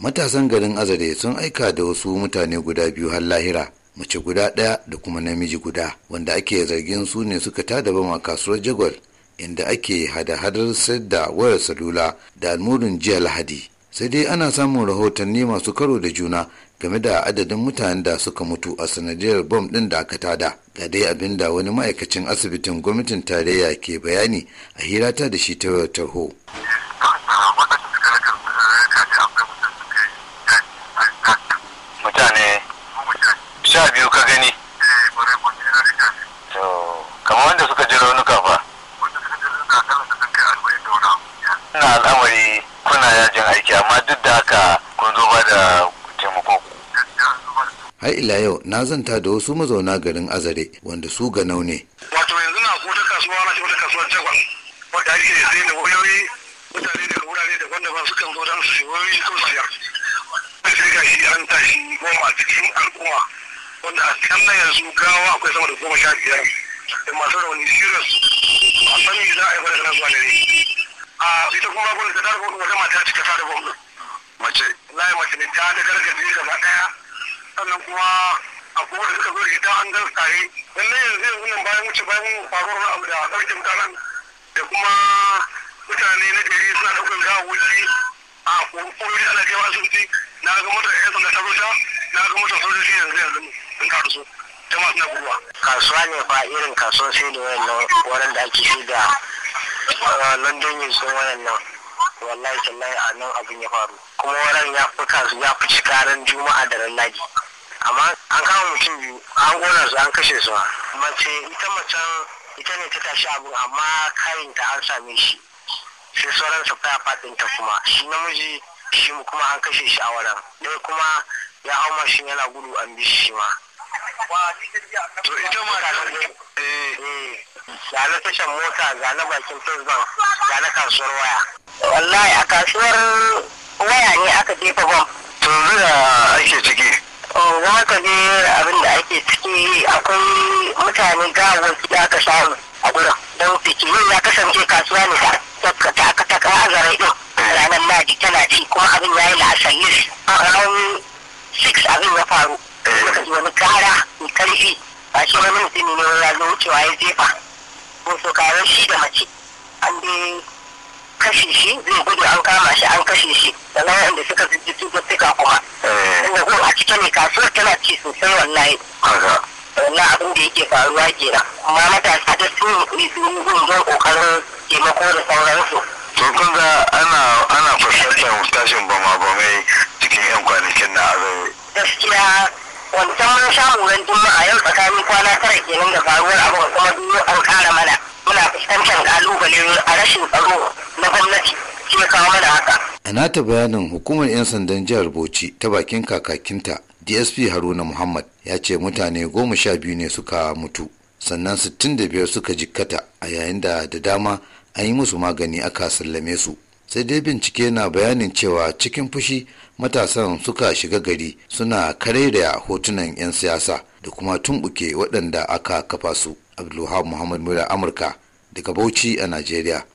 matasan garin azare sun aika da wasu mutane guda biyu har lahira mace guda ɗaya da kuma namiji guda wanda ake zargin su ne suka tada bama kasuwar jagwal inda ake hada-hadar sayar da wayar salula da almurin jiya lahadi sai dai ana samun rahotanni masu karo da juna game da adadin mutanen da suka mutu a sanadiyar bom ɗin da aka tada ga dai abin da wani ma'aikacin asibitin gwamnatin tarayya ke bayani a hirata da shi ta tarho. ina al'amari kuna yajin aiki amma duk da haka kun zo ba da taimako har ila yau na zanta da wasu mazauna garin azare wanda su ga ne wato yanzu na ko ta kasuwa na ta kasuwar jagwal wanda ake sai da wayoyi mutane daga wurare daban-daban sukan zo don su shi wayoyi ko siya sai ga shi an tashi goma a cikin al'umma wanda a can na yanzu gawa akwai sama da goma sha biyar da masu rauni sirus a sani za a yi wani zuwa ne. a ita kuma da ta tara wata mata cika tara gwamnati mace lai mace ne ta da gargaje gaba daya sannan kuma a kuma da suka zo da an gan tsaye lallai yanzu yanzu nan bayan wuce bayan faruwar abu da ɗauke mutanen da kuma mutane na gari suna ɗaukar gawawaki a koyi ana kewa asibiti na ga motar yan sanda ta rota na ga motar sojoji yanzu yanzu sun karu su jama'a suna guduwa kasuwa ne fa irin kasuwan sai da wayan wurin da ake sai da a london yin sun wannan nan wallahi tallahi a nan abin ya faru kuma wannan ya fi kasu ya fi cika ran juma'a da ran ladi amma an kama mutum biyu an gona su an kashe su mace ita macen ita ne ta tashi abin amma kayan ta an same shi sai sauran su kaya fadin ta kuma shi namiji shi kuma an kashe shi a wannan dai kuma ya hau mashin yana gudu an bi shi ma to ita matar ga na tashan mota ga na bakin facebook ga na kasuwar waya wallahi a kasuwar waya ne aka jefa bom to zuwa ake ciki za ka je abin da ake ciki akwai mutane gawar da aka samu a gurin don fikirin ya kasance kasuwa ne ta aka a zarai din ranar ladi tana ci kuma abin ya yi la'asar yi wani mutumi ne ya zo wucewa ya jefa mun so kare shi da mace an dai kashe shi zai gudu an kama shi an kashe shi sannan inda suka zuci tuba kuma inda eh. ko a cikin ne kasuwar tana ci sosai wallahi wannan abin da yake faruwa kenan amma matasa da su ne su yi gungun kokarin taimako da sauransu to kun ga ana ana fuskantar tashin bama bamai cikin yan kwanakin na azai gaskiya wancan mun sha wurin a yau tsakanin kwana tara kenan da faruwar abu kuma duk an kara mana muna fuskantar kalubale a rashin tsaro na gwamnati ke kawo mana haka. a nata bayanin hukumar 'yan sandan jihar bauchi ta bakin kakakinta dsp haruna muhammad ya ce mutane goma sha biyu ne suka mutu sannan sittin da biyar suka jikkata a yayin da da dama an yi musu magani aka sallame su sai dai bincike na bayanin cewa cikin fushi matasan suka shiga gari suna da hotunan 'yan siyasa da kuma tumbuke waɗanda aka kafa su abdulwahab muhammad mura amurka daga bauchi a nigeria.